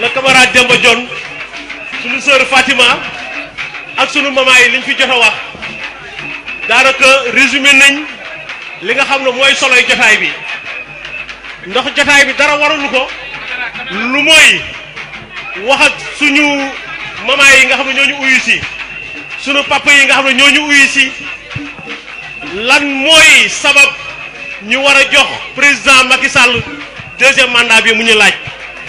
le camarade Demba Dione suñu sœur Fatima ak suñu maman yi liñ fi jot a wax daanaka résumé nañ li nga xam ne mooy soloy jotaay bi ndax jotaay bi dara waralu ko lu mooy waxat suñu maman yi nga xam ne ñoo ñu uyu si suñu papa yi nga xam ne ñoo ñu uyu si lan mooy sabab ñu war a jox président Macky Sall deuxième mandat bi mu ñu laaj.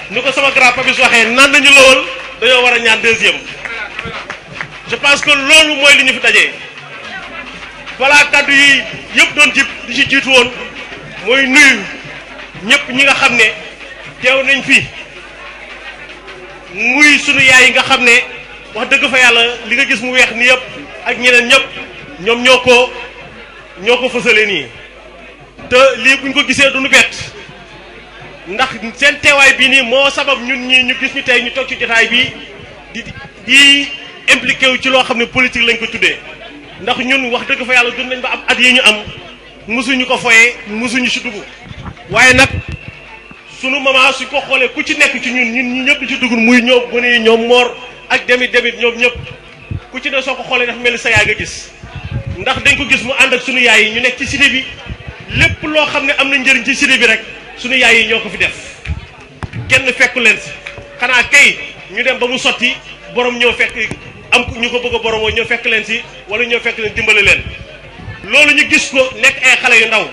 ni ko sama grand papis waxee nan nañu lool dañoo war a ñaan deuxième je pense que loolu mooy li ñu fi dajee balaa kàddu yi yëpp doon jib di ci jiitu woon mooy nuyu ñëpp ñi nga xam ne teew nañ fi muy sunu yaay yi nga xam ne wax dëgg fa yàlla li nga gis mu weex ni yëpp ak ñeneen ñëpp ñoom ñoo ko ñoo ko fësalee nii te lii buñ ko gisee duñu bett ndax seen teewaay bii nii moo sabab ñun ñii ñu gis ñu tey ñu toog ci jotaay bii di di impliqué wu ci loo xam ne politique lañ ko tuddee ndax ñun wax dëgg fa yàlla dund nañ ba am at yi ñu am mosuñu ko foyee mosuñu ci dugg waaye nag sunu maman suñ ko xoolee ku ci nekk ci ñun ñun ñi ñëpp ci dugg muy ñoom gone yi ñoom moor ak demit demit ñoom ñëpp ku ci ne soo ko xoolee dafa mel ni sa yaay nga gis ndax dañ ko gis mu ànd ak sunu yaay yi ñu nekk ci cité bi lépp loo xam ne am na njëriñ ci bi rek suñu yaay yi ñoo ko fi def kenn fekku leen si xanaa kay ñu dem ba mu sotti borom ñoo fekk am ñu ko bëgg a boromoo ñoo fekk leen si wala ñoo fekk leen dimbali leen loolu ñu gis ko nekk ay xale yu ndaw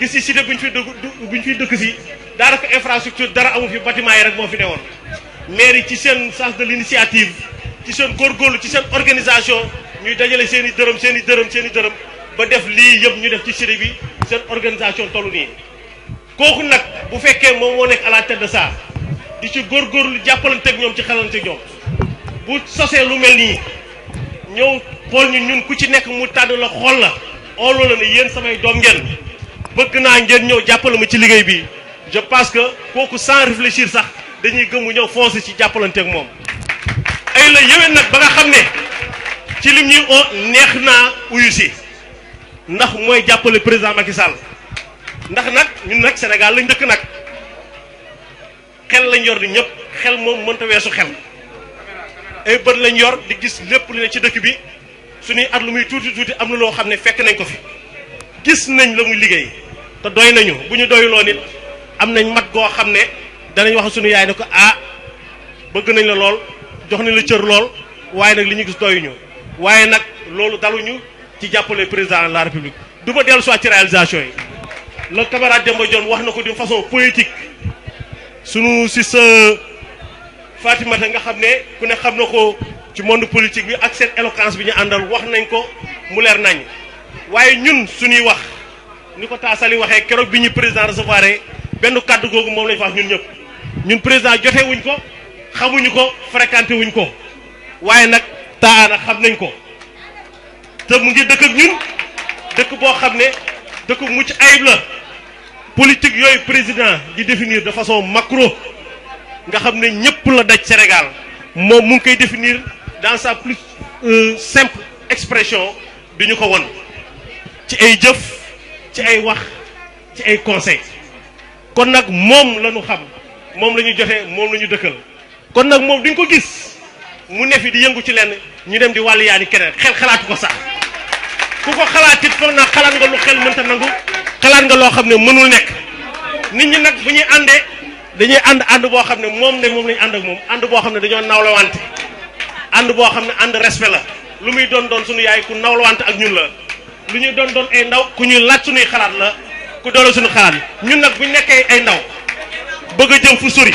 gis si cité bu ñu fi dëkk bu ñu fi dëkk si daanaka infrastructure dara amu fi bâtiment yi rek moo fi newoon maire yi ci seen sens de l'initiative ci seen góorgóorlu ci seen organisation ñuy dajale seen i dërëm seen i dërëm seen i dërëm ba def lii yëpp ñu def ci cité bi seen organisation tollu nii kooku nag bu fekkee moom moo nekk à la tête de ci góor ci góorgóorlu jàppalanteeg ñoom ci xalanteeg ñoom bu sosee lu mel nii ñëw xool ñu ñun ku ci nekk mu tàdd la xool la ooloo la ne yéen samay doom ngeen bëgg naa ngeen ñëw jàppale ma ci liggéey bi je pense que kooku sans réfléchir sax dañuy gëm mu ñëw foncer ci jàppalanteeg moom. ay la yéwén nag ba nga xam ne ci lim ñuy oo neex naa uyu ndax mooy jàppale président Macky Sall. ndax nag ñun nag Sénégal lañ dëkk nag xel lañ yor di ñëpp xel moom mënta weesu xel ay bët lañ yor di gis lépp lu ne ci dëkk bi suñuy at lu muy tuuti tuuti am na loo xam ne fekk nañ ko fi gis nañ la muy liggéey te doy nañu bu ñu doyuloo nit am nañ mat goo xam ne danañ wax suñu yaay ne ko ah bëgg nañ la lool jox nañ la cër lool waaye nag li ñu gis doyuñu waaye nag loolu daluñu ci jàppale président la république du ma dellu soit ci réalisation yi le camarade Demba Dione wax na ko d'une façon poétique sunu si sa Fatimata nga xam ne ku ne xam na ko ci monde politique bi ak seen éloquence bi ñu àndal wax nañ ko mu leer nañ waaye ñun suñuy wax ni ko taasali waxee keroog bi ñu président recevoir benn kàddu googu moom lañ fa wax ñun ñëpp ñun président jotewuñ ko xamuñu ko fréquenté wuñ ko waaye nag taana xam nañ ko te mu ngi dëkk ak ñun dëkk boo xam ne dëkk mucc ayib la politique yooyu président di définir de façon macro nga xam ne ñëpp la daj Sénégal moom mu ngi koy définir dans sa plus euh, simple expression du ñu ko won ci ay jëf ci ay wax ci ay conseil kon nag moom la xam moom la ñu joxe moom la ñu dëkkal kon nag moom duñ ko gis mu ne fi di yëngu ci lenn ñu dem di wàllu yaani keneen xel xalaatu ko sax ku ko xalaat it foog naa xalaat nga lu xel mënta nangu xalaat nga loo xam ne mënul nekk nit ñi nag bu ñuy àndee dañuy ànd ànd boo xam ne moom de moom la ànd ak moom ànd boo xam ne dañoo nawlawante ànd boo xam ne ànd respect la lu muy doon doon suñu yaay ku nawlawante ak ñun la lu ñuy doon doon ay ndaw ku ñuy laaj suñuy xalaat la ku doole suñu xalaat ñun nag bu ñu nekkee ay ndaw bëgg a jëm fu sori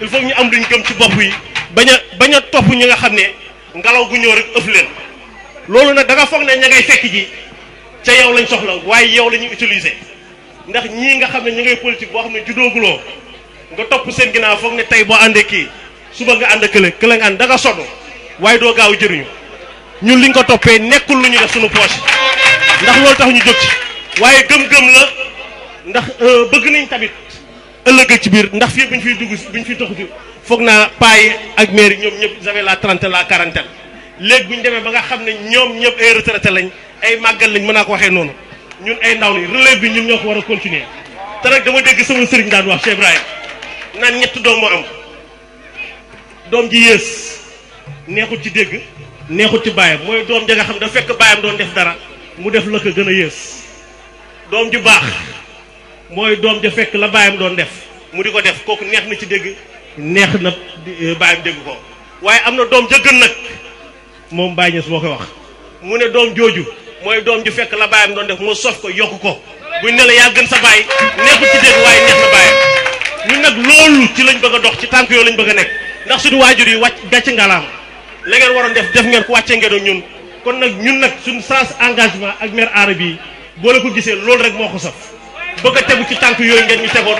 il faut ñu am luñ gëm ci bopp yi bañ a bañ a topp ñi nga xam ne ngelaw gu ñëw rek ëf leen loolu nag da nga foog ña ngay ji. ca yow lañ soxla waaye yow la ñuy utiliser ndax ñii nga xam ne ñu ngay politique boo xam ne judooguloo nga topp seen ginnaaw foog ne tey boo àndee kii suba nga ànd kële kële nga ànd da nga waaye doo gaaw jëriñu ñun liñ ko toppee nekkul lu ñu def suñu poche ndax loolu tax ñu jóg ci waaye gëm-gëm la ndax euh, bëgg nañ tamit ëllëg ci biir ndax fii bu ñu fiy dugg bu ñu fiy toxuti foog naa paay ak maire ñoom ñëpp ils avaient la trentaine la quarantaine léegi bu ñu demee ba nga xam ne ñoom ñëpp ay retraité lañ ay màggal lañ mën naa ko waxee noonu ñun ay ndaw lañ relève bi ñun ñoo ko war a continuer te nag dama dégg sama sëriñ daan wax Cheikh Ibrahima naan ñett doom moo am doom ji yées neexut ci dégg neexut ci baayam mooy doom ja xam dafa fekk baayam doon def dara mu def la ko gën a yées doom ju baax mooy doom ja fekk la baayam doon def mu di ko def kooku neex na ci dégg neex na eh, baayam dégg ko waaye am na doom ja nag moom Baye Niass moo koy wax mu ne doom jooju mooy doom ju fekk la baayam doon def moo sof ko yokk ko buñ ne la yaa gën sa baay neexut ci dégg waaye neex na baayam ñun nag loolu ci lañ bëgg a dox ci tànk yooyu lañ bëgg a nekk ndax suñu waajur yi wàcc gàcce ngalaam la ngeen waroon def def ngeen ko wàccee ngeen ak ñun kon nag ñun nag suñu sens engagement ak maire arab yi boo la ko gisee loolu rek moo ko saf bëgg a tegu ci tànk yooyu ngeen ñu tegoon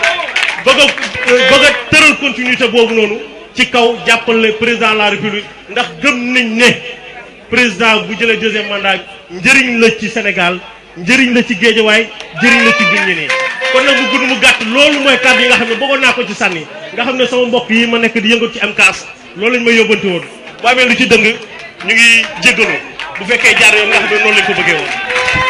bëgg a bëgg a tëral continuité boobu noonu ci kaw jàppale président de la république ndax gëm nañ ne président bu jëlee deuxième mandat njëriñ la ci Sénégal njëriñ la ci Géejawaay njëriñ la ci biir ñeneen kon nag mu gudd mu gàtt loolu mooy kàddu yi nga xam ne bëggoon naa ko ci sànni nga xam ne sama mbokk yi ma nekk di yëngat ci MKAS loolu lañ ma yóbbante woon bu amee lu ci dëng ñu ngi jéggalu bu fekkee jaar yoon nga xam ne noonu lañ ko bëggee